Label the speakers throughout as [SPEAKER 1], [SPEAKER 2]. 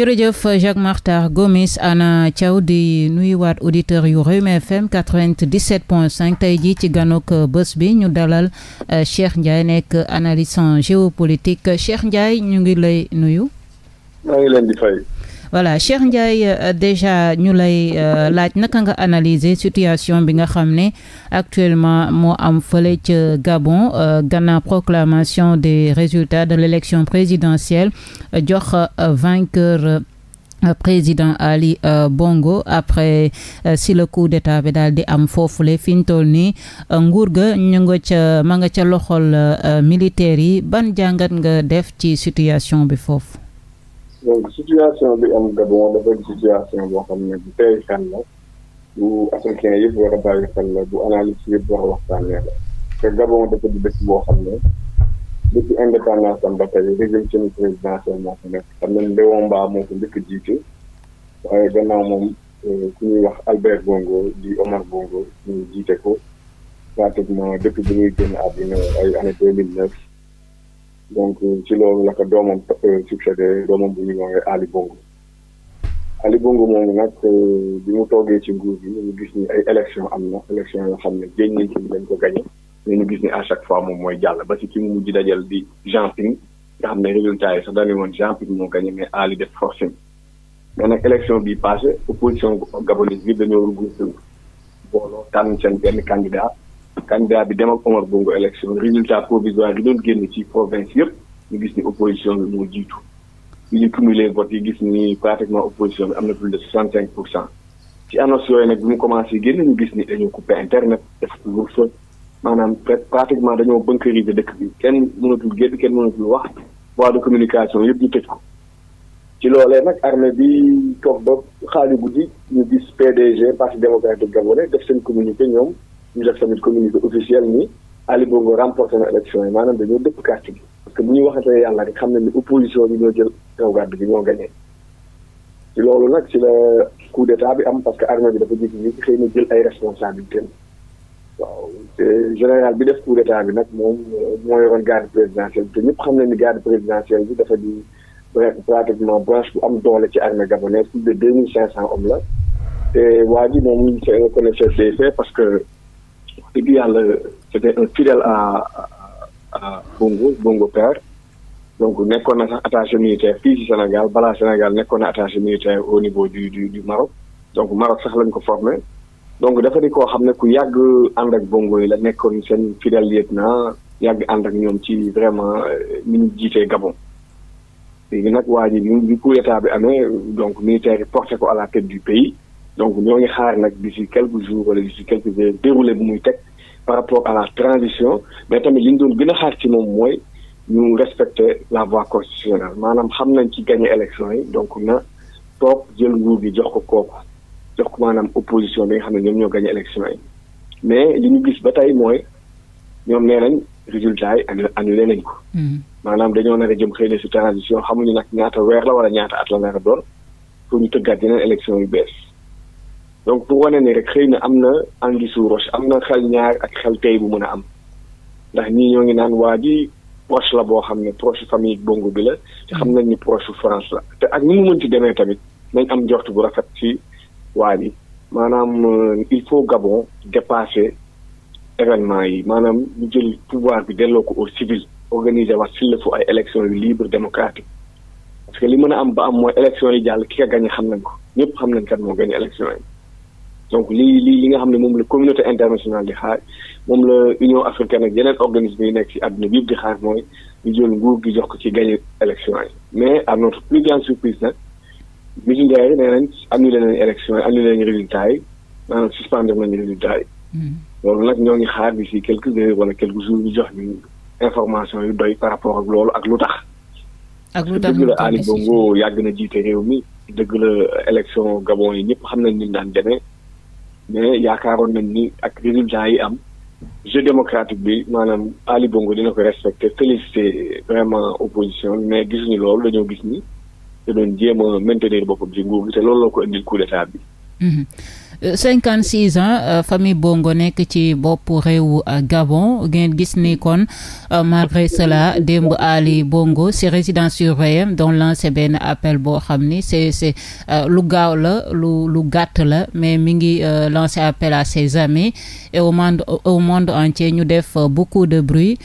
[SPEAKER 1] jërëjëf Jacques Makhtar Gomis Anna Thiaw di nuyuwaat auditeur yu Rewmi FM 97.5 tey jii ci ganuk euh, bés bi ñu dalal euh, Cheikh Ndiaye nekk analyste en géopolitique Cheikh Ndiaye ñu ngi lay nuyu. voilà Cheikh Ndiaye euh, déjà ñu lay euh, laaj naka nga analyser situation bi nga xam ne actuellement moo am fële ca Gabon euh, gannaaw proclamation des résultats de l'élection présidentielle jox vainqueur président Ali Bongo après si le coup d'état bi daal di am foofule fi ñu toll nii nguur ga ñu nga ca ma nga ca loxol militaires yi ban jàngat nga def ci situation bi foofu
[SPEAKER 2] donc situation bi am Gabon dafa situation boo xam ne bu tey xel la bu africain yëpp war a bàyyi xel la bu analyse yëpp war a waxtaanee la te Gabon dafa di dëkk boo xam ne depuis indépendance am ba tey régime ci présidentiel moo fi nekk ne Léon-Mba moo ko njëkk a waaye gannaaw moom euh, ku ñuy wax Albert Bongo di Omar Bongo ñu jiite ko pratiquement depuis bi ñuy génn àddina ay année deux mille neuf donc euh, ci loolu la ko doomam euh, succédé doomam bu ñu woowee Ali Bongo Ali Bongo moomu nag euh, bi mu toogee ci nguur gi ñu gis ni ay élection am na élection yoo xam ne génn nañ ci dañ ko gagné mais ñu gis ni à chaque fois moom mooy jàll ba ci ki mu mujj dajal di Jean Ping nga xam ne résultat yi sax dañu woon Jean Ping moo gagné mais Ali de forcing mais nag élection bi passé opposition gabonaise bi dañoo regroupé booloo tànn seen benn candidat candidat bi dem ak Omar Bongo élection résultat provisoire yi doon génn ci province yëpp ñu gis ni opposition bi moo jiitu bi ñu cumulé vote yi gis ni pratiquement opposition bi am na plus de 65 pour cent ci annonce yooyu nag bu ñu commencé génn ñu gis ni dañoo coupé internet def couvre-feu maanaam pratiquement dañoo bunkériser dëkk bi kenn mënatul génn kenn mënatul wax voie de communication yëpp ñu tëj ko ci loolee nag armée bi too ba xaali guddi ñu gis PDG parti démocratique gabonais def seen communiqué ñoom ñu def tamit communiqué officiel ni Ali Bongo remporté na élection yi maanaam dañoo dëpp carte gi parce que bu ñu waxatee yàlla rek xam nañ ni opposition bi ñoo jël kaw gàdd gi ñoo gagné ci loolu nag ci la coup d'état bi am parce que armée bi dafa jig ñi xëy na jël ay responsabilités waaw général bi def coup d'état bi nag moom moo yoroon garde présidentielle bi te ñëpp xam nañ ni garde présidentielle bi dafa di pratiquement branche bu am doole ci armée gabonaise plus de deux cent la te waa ji moom c' est un connaisseur wax dëgg yàlla c' était un fidèle à à Bongo Bongo donc nekkoon na sax attaché militaire fii ci Sénégal balaa Sénégal nekkoon na attaché militaire au niveau du du donc Maroc sax lañ ko formé donc dafa xam ne ku yàgg ànd ak Bongo yi la nekkoon seen fidèle lieutenant yàgg ànd ak ñoom ci vraiment euh, ni jiite jiitee Gabon. léegi nag waa ji bi coup donc militaire yi porté ko à la tête du pays. donc ñoo ngi xaar nag si quelques jours wala d'ici quelques heures déroulé bu muy teg par rapport à la transition mais tamit li ñu doon gën a xaar ci moom mooy ñu respecte la voie constitutionnelle maanaam xam nañ ci gagné élection yi donc na toog jël nguur gi jox ko kooku jox ko maanaam opposition bi nga xam ne ñoom ñoo gagné élection yi mais li ñu gis ba tey mooy ñoom nee nañ résultat yi leen nañ ko. Mm-hmm. maanaam dañoo na a jëm xëy na transition xamuñu nag ñaata weer la wala ñaata at la nar a ñu tëggaat yeneen élection yu bees. donc pour wane ni rek xëy na am na anguille sous roche am na xel ñaar ak xel tey bu mën a am ndax ñii ñoo ngi naan waa ji proche la boo xam ne proche famille Bongo bi la te xam nañ ni proche France la te ak ni mu mënti demee tamit nañ am njort bu rafet ci waa ji maanaam euh, il faut Gabon dépasser événement yi maanaam ñu jël pouvoir bi delloo ko au civil organiser wax s'il le faut ay élection yu libre démocratique parce que li mën a am ba am mooy élection yi jàll xam nañ ko ñëpp xam nañ kat moo gañe yi donc lii lii li nga xam ne moom la communauté internationale di xaar moom la Union africaine ak yeneen organisme yi nekk ci àdduna bi yëpp di xaar mooy ñu jël nguur gi jox ko ci gagné élection yi mais à notre plus grande surprise nag Mimi Ndiaye nee nañ annulé nañ élection yi annulé nañ résultat yi maanaam suspendre nañ résultat yi. Hmm. loolu nag ñoo ngi xaar bi si quelques heures wala quelques jours ñu jox ñu information yu doy par rapport ak loolu ak lu tax.
[SPEAKER 1] ak lu tax dëgg la
[SPEAKER 2] yàgg na jiite réew mi dëgg la élection yi ñëpp xam nañ ni ñu daan demee. mais yaakaaroon nañ ni ak résultats yi am jeu démocratique bi maanaam Ali Bongo dina ko respecté félicité vraiment opposition mais gisuñu loolu dañoo gis ni te doon jéem a maintenir boppam ci nguur gi te loolu loo ko indil coup d'état bi.
[SPEAKER 1] Mm-hmm. cinquante six ans euh, famille Bongo nekk ci bopp réewu euh, Gabon ngeen gis ni kon euh, malgré cela démb Ali Bongo si résidence surveillée doon lancé benn appel boo xam ni c'est c'est lu gaaw la lu lu gàtt la mais mi ngi lancé appel à ses amis et au monde au monde entier ñu def beaucoup de bruit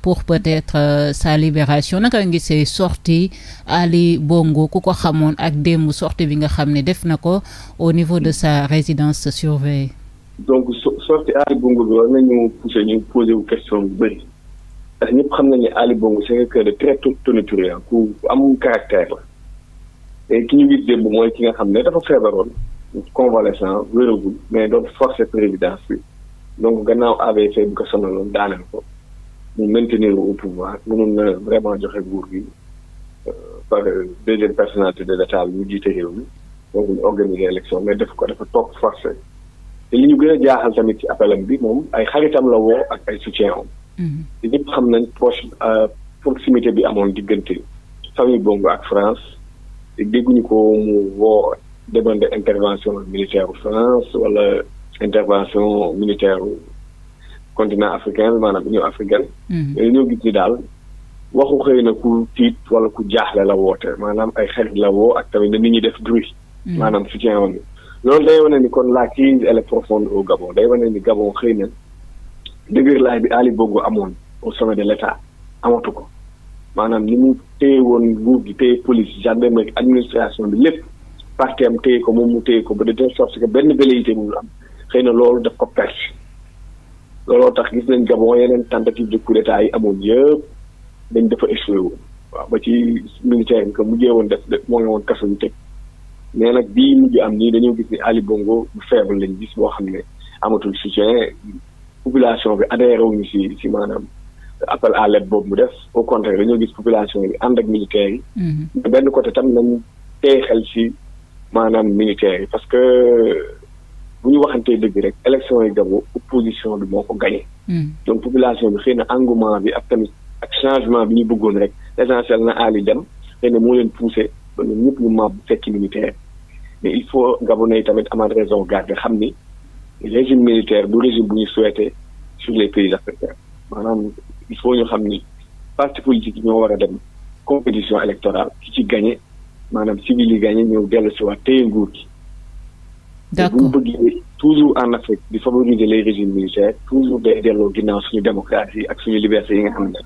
[SPEAKER 1] pour peut-être sa libération naka nga gisee sortie Ali Bongo ku ko xamoon ak démb sortie bi nga xam ni def na ko au niveau de sa incidence se surveille.
[SPEAKER 2] donc so sorti Aly Bongo bi war nañu pousser ñu posé wu question bu bëri ndax ñëpp xam nañu ne Aly Bongo c'est quelqu'un de très tonitruand ku am caractère la te ki ñu gis démb mooy ki nga xam ne dafa feebaroon convalescent wéragul mais doon forcer présidence bi donc gannaaw AVC bu ko sonaloon daaneel ko mu maintenir au pouvoir mënoon na vraiment joxe nguur gi euh, par euh, deuxième personnalité de l'État bi mu jiite réew mi donc ñu organiser élection mais def ko dafa topp forcé te li ñu gën a jaaxal tamit ci appelam bi moom ay xaritam la woo ak ay soutien am. Mhm. te ñëpp xam nañ proche euh, proximité bi amoon diggante famille Bongo ak France te dégguñu ko mu woo demande intervention militaire France wala intervention militaire continent africain maanaam union africaine. Mhm. mais ñoo gis ni daal waxu xëy na ku tiit wala ku jaaxle la woote maanaam ay xarit la woo ak tamit na nit ñi def bruit. Mm. maanaam soutien woon loolu day wane ni kon la crise elle est profonde au Gabon day wane ni Gabon xëy na dëgër laay bi Ali Bongo amoon au sommet de l'État amatu ko maanaam ni mu téye woon nguur gi téye police gendarmerie administration bi lépp parti am téye ko moom mu téye ko ba de telle sorte que benn velléité bu am xëy na loolu daf ko perte looloo tax gis nañ Gabon yeneen tentative de coup d'état yi amoon yëpp dañ dafa échoué woon waaw ba ci militaire bi que woon def moo ngi woon mais nag bii mujj am nii dañoo gis ni Ali Bongo bu faible lañ gis boo xam ne amatul soutien population bi adhéré wuñu si si maanaam appel à l'aide boobu mu def au contraire dañoo gis population bi ànd ak militaires yi. Mhm. mais benn côté tam nañ tey xel si maanaam militaires yi parce que bu ñu waxantee dëgg rek élection yi Gabon opposition bi moo ko gagné. Mhm. donc population bi xëy na bi ak tamit ak changement bi ñu bëggoon rek l'essentiel na Ali dem xëy na moo leen poussé ba ñun ñëpp fekki militaire. mais il faut gabonais yi tamit amaat raison garder xam ni régime militaire du régime bu ñu souhaité sur les pays africains maanaam il faut ñu xam ni parti politique ñoo war a dem compétition électorale ki ci gagné maanaam civil yi gagné ñëw dellu si waat téye nguur gi. d'accord bu bëggee toujours en Afrique di favoriser les régimes militaires toujours day delloo ginnaaw suñu démocratie ak suñu liberté yi nga xam ne.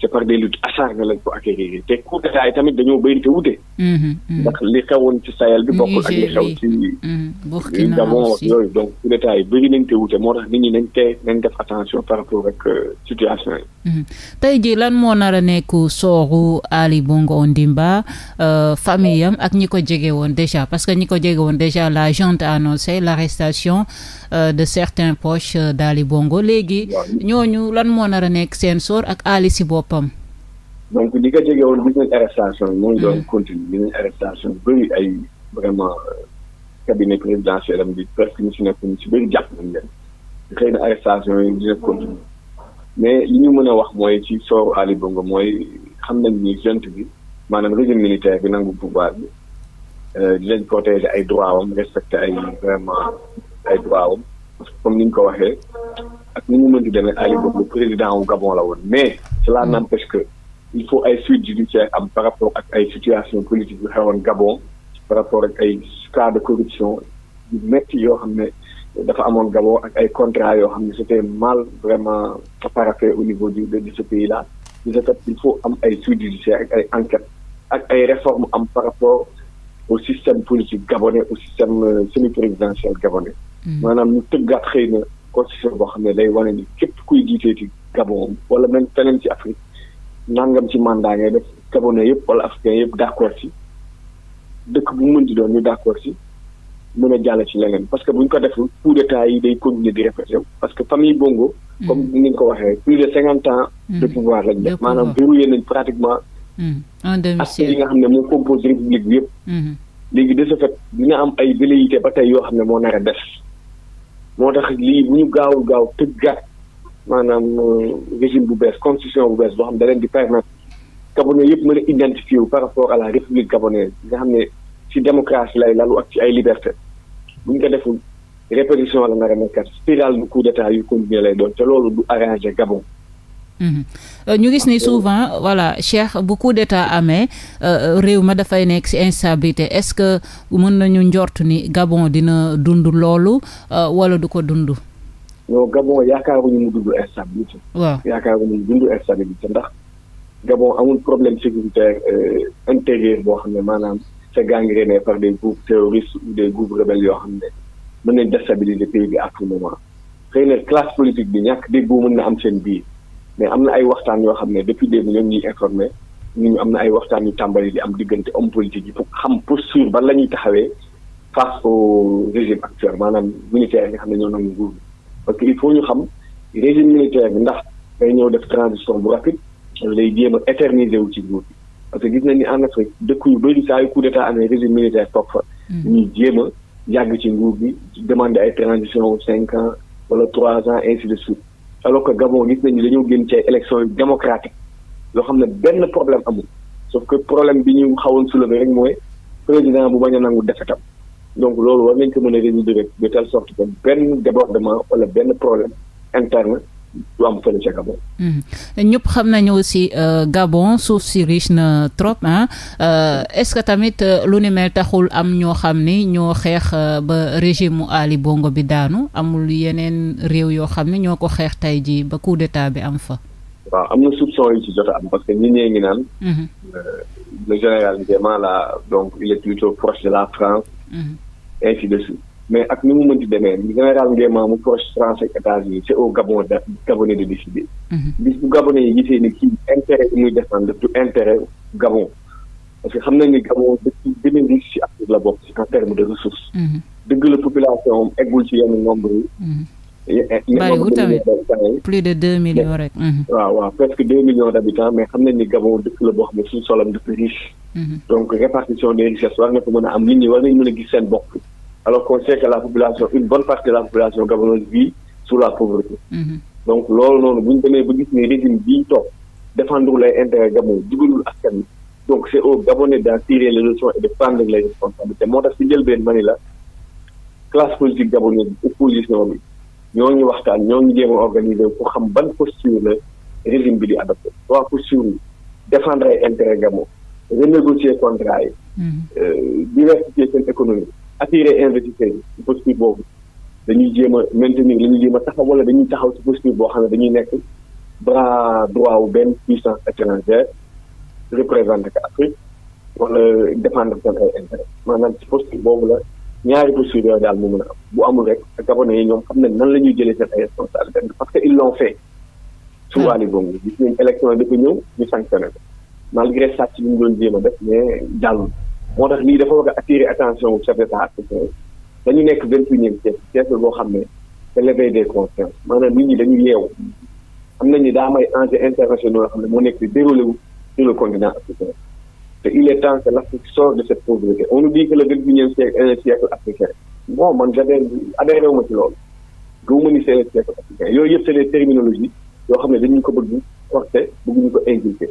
[SPEAKER 2] c'est par des luttes acharnées lañ ko acquérir te coup d'état tamit dañoo bëri te wute.
[SPEAKER 3] Mhm, mhm.
[SPEAKER 2] ndax li xewoon ci Sahel bi bokkul ak li xew ci. Mhm.
[SPEAKER 1] Burkina aussi
[SPEAKER 2] loolu donc détail bëri nañ te moo tax nit ñi nañ tey nañ def attention par rapport ak euh, situation yi.
[SPEAKER 1] Mhm. tey jii lan moo nar a nekk sooru Ali Bongo Ondimba euh, famille am ak ñi ko jege woon déjà parce que ñi ko jege woon la jont a annoncé l'arrestation euh, de certains proches d'Ali Bongo léegi. ñooñu lan moo nar a nekk seen soor ak Ali si boppam.
[SPEAKER 2] cabinet présidentiel am bi presque ñu si nekk ñu si bëri jàpp nañ leen xëy na arrestation yi dina continuer mais li ñu mën a wax mooy ci sooru Ali Bongo mooy xam nañ ni junte bi maanaam régime militaire bi nangu pouvoir bi euh, di leen protéger ay droit wam respecter ay vraiment ay droit wam parce que comme ni ñu ko waxee ak ni mu mënti demee Ali Bongo président wu Gabon la woon mais cela mm. n'empêche que il faut ay suite judiciaire am par rapport ak ay situation politique yu xewoon Gabon par rapport ak ay cas de corruption yu métti yoo xam ne dafa amoon Gabon ak ay contrats yoo xam ne c'était mal vraiment paraphé au niveau du de ce pays là de ce fait am ay suivi ak ay ak ay réformes am par rapport au système politique gabonais au système euh, semi-présidentiel gabonais. Mm. maanaam ñu tëggaat xëy na constitution boo xam ne day wane ni képp kuy jiiteeti Gabon wala même teneen ci Afrique nangam ci mandat nga def gabonais yëpp wala africain yëpp d'accord ci. dëkk bu mun di doon ñu d'accord si mën a jàll ci leneen parce que bu ñu ko deful coup d'état yi day continuer di répété parce que famille Bongo. Mm. comme ni nga ko waxee plus de cinquante ans. Mm. de pouvoir pratiquement. Mm. un yi nga xam ne moo compose république bi yëpp. Mm-hmm. léegi de ce fait dina am ay velléité ba tey yoo xam ne moo nar a moo tax lii bu ñu gaawul gaaw tëggaat maanaam euh, régime bu bees constitution bu bees boo xam ne da leen di permettre. gabonais yëpp mën a identifié nga xam ne ci démocratie lay lalu ci ay liberté bu ñu la nar a nekkat spirale du coup d'état doon te loolu du Gabon
[SPEAKER 1] mhm. euh, ñu gis ni souvent voilà Cheikh bu coup d'état amee euh, euh, réew ma dafay nekk ci instabilité est-ce que mën nañu njort ni Gabon dina dund loolu wala du ko dund
[SPEAKER 2] non Gabon yaakaaruñu mu dund instabilité waaw yaakaaruñu mu dund instabilité ndax Gabon amul problème sécuritaire euh, intérieur boo xam ne maanaam c'est gangréné par des groupes terroristes ou des groupes rebelles yoo xam ne mën nañ déstabiliser pays bi à tout moment xëy classe politique bi ñàkk déggoo mën na am seen biir mais am na ay waxtaan yoo xam ne depuis démb ñoom ñu informé ñu am na ay waxtaan yu tàmbali di am diggante homme politique yi pour xam pour ban la ñuy taxawee face au régime actuel maanaam militaire nga xam ne ñoo nangu nguur parce que il faut ñu xam régime militaire bi ndax day ñëw def transition bu rapide day jéem a éterniser wu ci nguur bi parce que gis nañ ni en Afrique dëkk yu bëri saa yu coup d'état amee régime militaire toog fa. Mm. ñuy jéem a yàgg ci nguur bi demander ay transition cinq ans wala trois ans ainsi de suite alors que Gabon gis nañu dañoo génn ci ay élections yu démocratique loo xam ne benn problème amul sauf que problème bi ñu xawoon soulevé rek mooy président bu bañ a nangu defetam donc loolu war nañ ko mën a résoudre de telle sorte que benn débordement wala benn problème interne. du
[SPEAKER 1] mhm. ñëpp xam nañu aussi euh, Gabon suuf si riche na trop ah est-ce que tamit euh, lu ni mel taxul am ñoo xam ni ñoo xeex ba régime mu Ali Bongo bi daanu amul yeneen réew yoo xam ne ñoo ko xeex tey jii ba coup d'état bi am fa.
[SPEAKER 2] waaw am na soupçon yu jot am parce que ñi ñee ngi naan. Mhm. le général Ndiéma donc il est plutôt de la France. Mhm. ainsi de suite mais ak ni mu mënti demee général Nguema mu proche France ak États-Unis c' est au Gabon da Gabonais de décider. Mhm. bis bu Gabonais yi gisee ni kii intérêt bi muy défendre du intérêt Gabon. parce que xam nañ ni Gabon dëkk gën a riche ci Afrique la bokk ci en de ressources. Mhm. dëgg la population am eggul ci yenn nombre yi. Mhm. Eh, bariwul tamit plus de deux millions rek. waaw waaw presque deux millions d' mais xam nañ ni Gabon dëkk la boo xam ne suñu solam dafa riche. donc répartition des richesses war na ko mën a am nit war nañ mën a gis seen bokk alors qu'on sait la population une bonne partie de la population gabonaise vit sous la pauvreté. Mhm. donc loolu noonu bu ñu demee ba gis ne régime bii ñu toog défendre les intérêts Gabon dugalul askan wi donc c'est au Gabonais d'en tirer les leçons de prendre les responsabilités moo tax si njëlbeen ma ni la classe politique gabonaise bi opposition bi ñoo ñu waxtaan ñoo ñu jéem a organiser ku xam ban posture la régime bi di adopté trois postures yi défendre ay intérêts Gabon renégocier contrat yi. Mhm. Euh, attirer investisseurs yi ci posture boobu dañuy jéem a maintenir la ñuy jéem a taxaw wala dañuy taxaw ci posture boo xam ne dañuy nekk bras droit wu benn puissance étrangère représenté ko Afrique wala défendre seen ay intérêt maanaam ci posture boobu la ñaari posture yooyu daal moo mën a am bu amul rek gabonais yi ñoom xam ne nan la ñuy jëlee seen ay responsabilité parce que ils l'ont fait suwaali hmm. boobu gis nañ élection yi ñëw ñu sanctionné ko malgré sàcc bi mu doon jéem a def mais jàllul moo tax lii dafa bëgg a attirer attention bu chef dañu nekk vingt unième siècle boo xam ne c'est l'éveil des consciences maanaam nit ñi dañu yeewu am ñi daa may enjeux internationaux yoo xam ne moo nekk di déroulé wu sur le continent africain te il est temps que l'Afrique de cette pauvreté on nous dit que le vingt unième siècle siècle africain bon man j'adhère adhéré wu ci loolu gëwuma ni c'est le africain yooyu yëpp c'est des yoo xam ne dañu ko bëgg porter bëgguñu ko inculquer